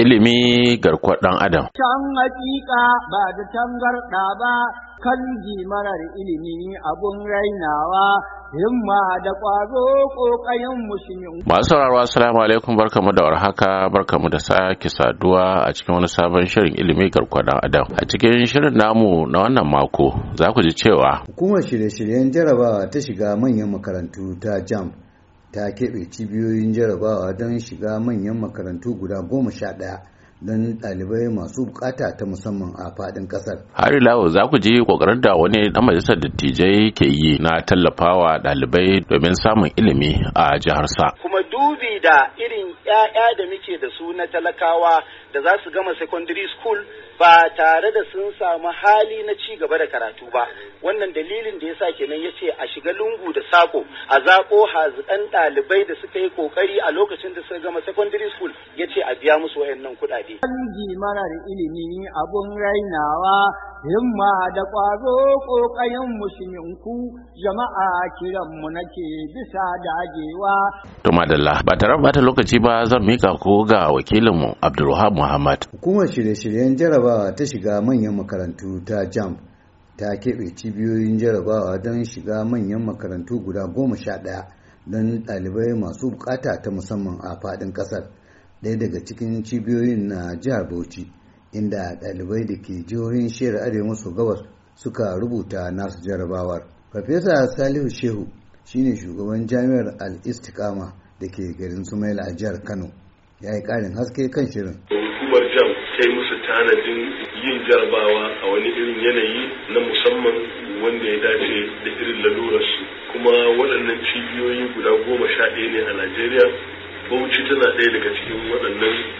ilimi garkuwar ɗan adam. Can hakika ba da can garɗa ba kan marar ilimi abun rainawa himma da ƙwazo ƙoƙayen musulmi. Masu sauraro assalamu alaikum barkamu da warhaka barkamu da sake saduwa a cikin wani sabon shirin ilimi garkuwar ɗan adam. A cikin shirin namu na wannan mako za ku ji cewa. Hukumar shirye-shiryen jarabawa ta shiga manyan makarantu ta Jam. ta keɓe cibiyoyin jarabawa don shiga manyan makarantu guda goma sha ɗaya don ɗalibai masu bukata ta musamman a faɗin ƙasar. Har Lawo za ku ji ƙoƙarin da wani ɗan majalisar dattijai ke yi na tallafawa ɗalibai domin samun ilimi a jiharsa. Kuma dubi da irin 'ya'ya da muke da su na talakawa da za su gama secondary school ba tare da sun samu hali na ci gaba da karatu ba wannan dalilin da ya yasa kenan yace a shiga lungu da sako a zaƙo hazikan ɗalibai da suka yi ƙoƙari a lokacin da suka gama secondary school ya ce a biya musu wayannan kuɗaɗe. mana da ilimi abun rainawa himma da ƙwazo ƙoƙayen musulminku jama'a kiran mu nake bisa dagewa. To madalla ba tare bata lokaci ba zan mika ko ga wakilinmu Abdulwahab Muhammad. Hukumar shirye-shiryen jarabawa ta shiga manyan makarantu ta JAM ta keɓe cibiyoyin jarabawa don shiga manyan makarantu guda goma sha ɗaya don ɗalibai masu bukata ta musamman a faɗin ƙasar. daya daga cikin cibiyoyin na jihar Bauchi. inda ɗalibai da ke jihohin shiyar arewa maso gabas suka rubuta nasu jarabawar farfesa salihu shehu shine shugaban jami'ar al-istiqama da ke garin sumaila a jihar kano ya yi karin haske kan shirin hukumar jam ta yi musu tanadin yin jarabawa a wani irin yanayi na musamman wanda ya dace da irin lalurarsu kuma waɗannan cibiyoyi guda goma sha ɗaya ne a najeriya bauchi tana ɗaya daga cikin waɗannan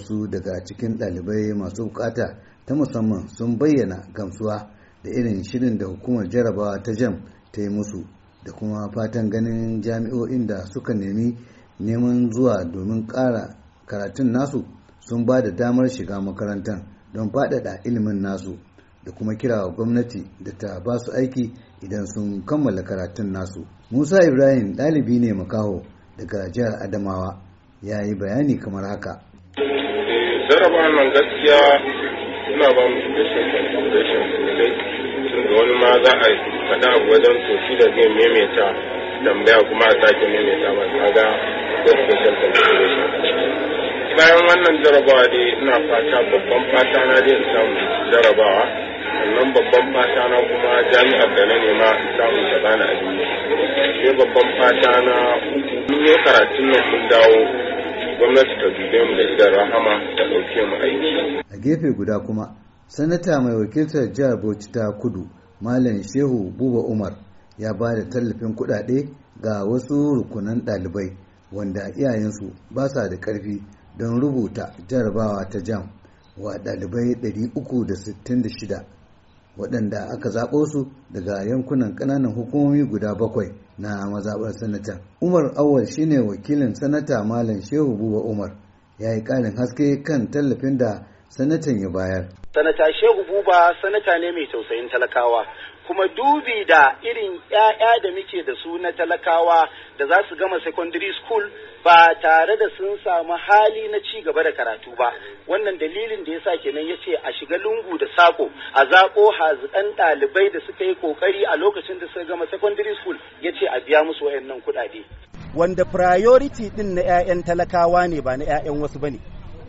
wasu daga cikin ɗalibai masu bukata ta musamman sun bayyana gamsuwa da irin shirin da hukumar jarabawa ta jam ta yi musu da kuma fatan ganin jami'o'in da suka nemi neman zuwa domin ƙara karatun nasu sun ba da damar shiga makarantar don faɗaɗa ilimin nasu da kuma kirawa gwamnati da ta ba su aiki idan sun kammala karatun nasu. Musa Ibrahim ɗalibi ne makaho daga jihar Adamawa ya yi bayani kamar haka. Eh, Jaraba nan gaskiya suna ba mu suggestion suggestion sosai tun wani ma za a faɗa wajen to shi da zai maimaita tambaya kuma a sake maimaita ba ta ga suggestion suggestion. Bayan wannan jarabawa dai ina fata babban fata na dai in samu jarabawa sannan babban fata na kuma jami'ar da na nema in samu ta bani abinci. Sai babban fata na uku in karatun nan mun dawo A gefe guda kuma, sanata mai wakiltar jihar Bauchi ta kudu, Malam Shehu Buba Umar, ya ba da tallafin kuɗaɗe ga wasu rukunan ɗalibai wanda iyayensu ba sa da ƙarfi don rubuta jarabawa ta jam wa ɗalibai 366 waɗanda aka zaɓo su daga yankunan ƙananan hukumomi guda bakwai na mazaɓar sanata umar awal shine wakilin sanata malam shehu buba umar ya yi ƙarin haske kan tallafin da sanatan ya bayar sanata shehu buba sanata ne mai tausayin talakawa kuma dubi da irin 'ya'ya da muke da su na talakawa da za su gama secondary school ba tare da sun samu hali na ci gaba da karatu ba wannan dalilin da ya yasa kenan ya ce a shiga lungu da sako a zaƙo haziƙan ɗalibai da suka yi ƙoƙari a lokacin da suka gama secondary school ya ce a biya musu wayannan kuɗaɗe wanda priority ɗin na 'ya'yan talakawa ne ba na 'ya'yan wasu ba ne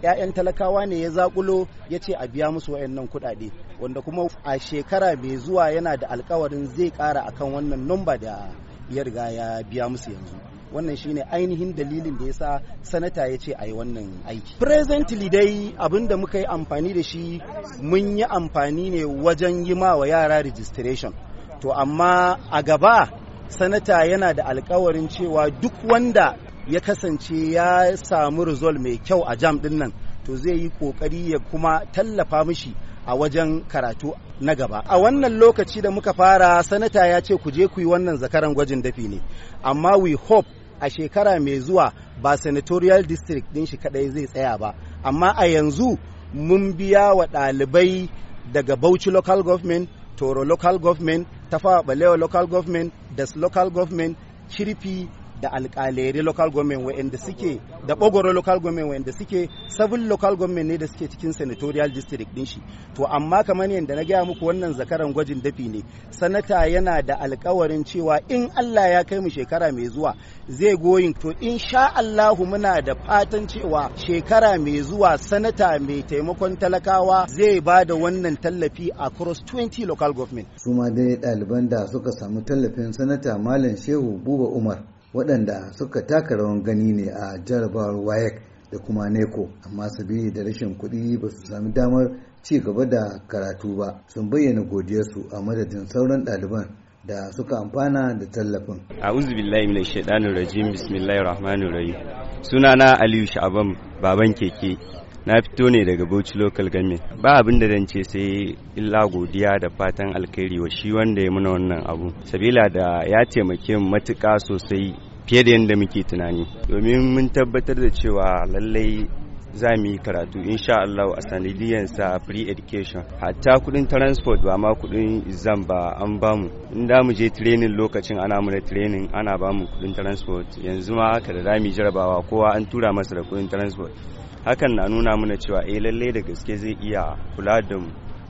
'ya'yan talakawa ne ya zakulo ya ce a biya musu wayannan kuɗaɗe wanda kuma a shekara mai zuwa yana da alkawarin zai ƙara akan wannan nomba da ya riga ya biya musu yanzu wannan shine ainihin dalilin da ya sa sanata ya ce a yi wannan aiki presently dai abin da muka yi amfani da shi mun yi amfani ne wajen yi ma wa yara registration to amma a gaba sanata yana da alkawarin cewa duk wanda ya kasance ya samu result mai kyau a jam din nan to zai yi kokari ya kuma tallafa mishi a wajen karatu na gaba a wannan lokaci da muka fara sanata ya ce ku je ku yi wannan zakaran gwajin dafi ne amma we hope a shekara mai zuwa ba senatorial district din shi kadai zai tsaya ba amma a yanzu mun biya wa ɗalibai daga bauchi local government toro local government tafawa balewa local government das local government kirfi da alƙaleri local government wa'anda suke da bogoro local government wa'anda suke civil local government ne da suke cikin senatorial district din shi to amma kamar yadda na gaya muku wannan zakaran gwajin dafi ne sanata yana da alƙawarin cewa in Allah ya kai mu shekara mai zuwa zai goyin to in sha Allahu muna da fatan cewa shekara mai zuwa sanata mai taimakon talakawa zai ba da wannan tallafi a cross 20 local government su ma dai ɗaliban da suka samu tallafin sanata malam shehu buba umar waɗanda suka taka rawan gani ne a jarabawar wayek da kuma neko amma sabili da rashin kuɗi ba su sami damar ci gaba da karatu ba sun bayyana godiyarsu a madadin sauran ɗaliban da suka amfana da tallafin. A'udhu billahi minash shaitanir rajim bismillahir rahmanir rahim. Sunana Aliyu Sha'ban baban keke na fito ne daga bauchi local government ba abin da ce sai illa godiya da fatan alkhairi wa shi wanda ya muna wannan abu sabila da ya taimake mu matuƙa sosai fiye da yadda muke tunani domin mun tabbatar da cewa lallai za mu yi karatu insha Allah a sa free education hatta kudin transport ba ma kudin exam ba an bamu in da mu je training lokacin ana mu training ana ba mu kudin transport yanzu ma haka da mu jarabawa kowa an tura masa da kudin transport hakan na nuna mana cewa eh lalle da gaske zai iya kula da mu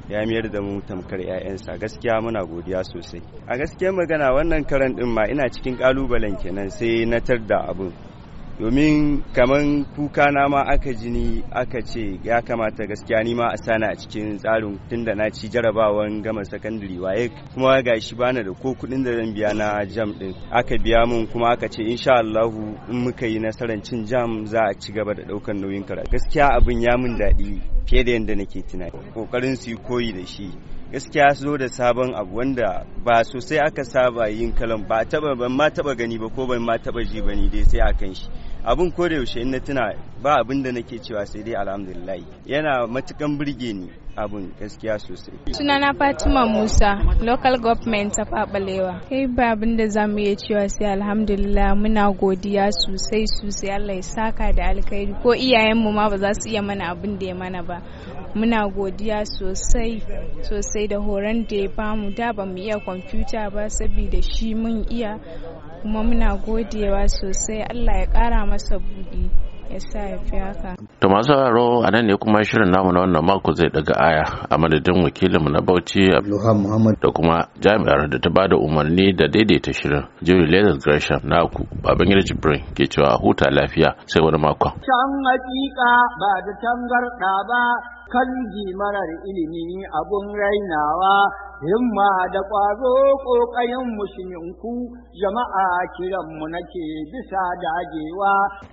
ya miyar da mu tamkar 'ya'yansa gaskiya muna godiya sosai a gaskiyar magana wannan karan din ma ina cikin kalubalen kenan sai na tar da abin domin kaman kuka na ma aka jini aka ce ya kamata gaskiya ni ma a sana a cikin tsarin tun da na ci jarabawan gama sakandare waye kuma ga shi bana da ko kudin da zan biya na jam din aka biya mun kuma aka ce insha Allahu in muka yi nasarar cin jam za a ci gaba da ɗaukan nauyin karatu gaskiya abin ya mun dadi fiye da yanda nake tunani kokarin su koyi da shi gaskiya zo da sabon abu wanda ba sosai aka saba yin kalan ba taba ban ma taba gani ba ko ban ma taba ji ba ni dai sai a kan shi abin ko da yaushe in na tuna ba abin da nake cewa sai dai alhamdulillah yana matukan burge ni abin gaskiya sosai sunana fatima musa local government ta fabalewa kai ba abin da za mu iya cewa sai alhamdulillah muna godiya sosai sosai allah ya saka da alkhairi ko iyayenmu ma ba za su iya mana abin da ya mana ba muna godiya sosai sosai da horon da ya bamu da ba iya kwamfuta ba saboda shi mun iya kuma muna godewa sosai Allah ya ƙara masa buɗi ya sa ya fi haka. To masu haro a nan ne kuma shirin namu na wannan mako zai daga aya a madadin wakilinmu na Bauchi Abdulham Muhammad da kuma jami'ar da ta ba da umarni da daidaita shirin Jerry Leonard Gresham na ku Babangida Jibrin ke cewa huta lafiya sai wani mako. Can hakika ba da tangarɗa ba kan marar ilimi abun rainawa himma da ƙwazo ƙoƙayen musulminku jama'a kiran mu nake bisa dagewa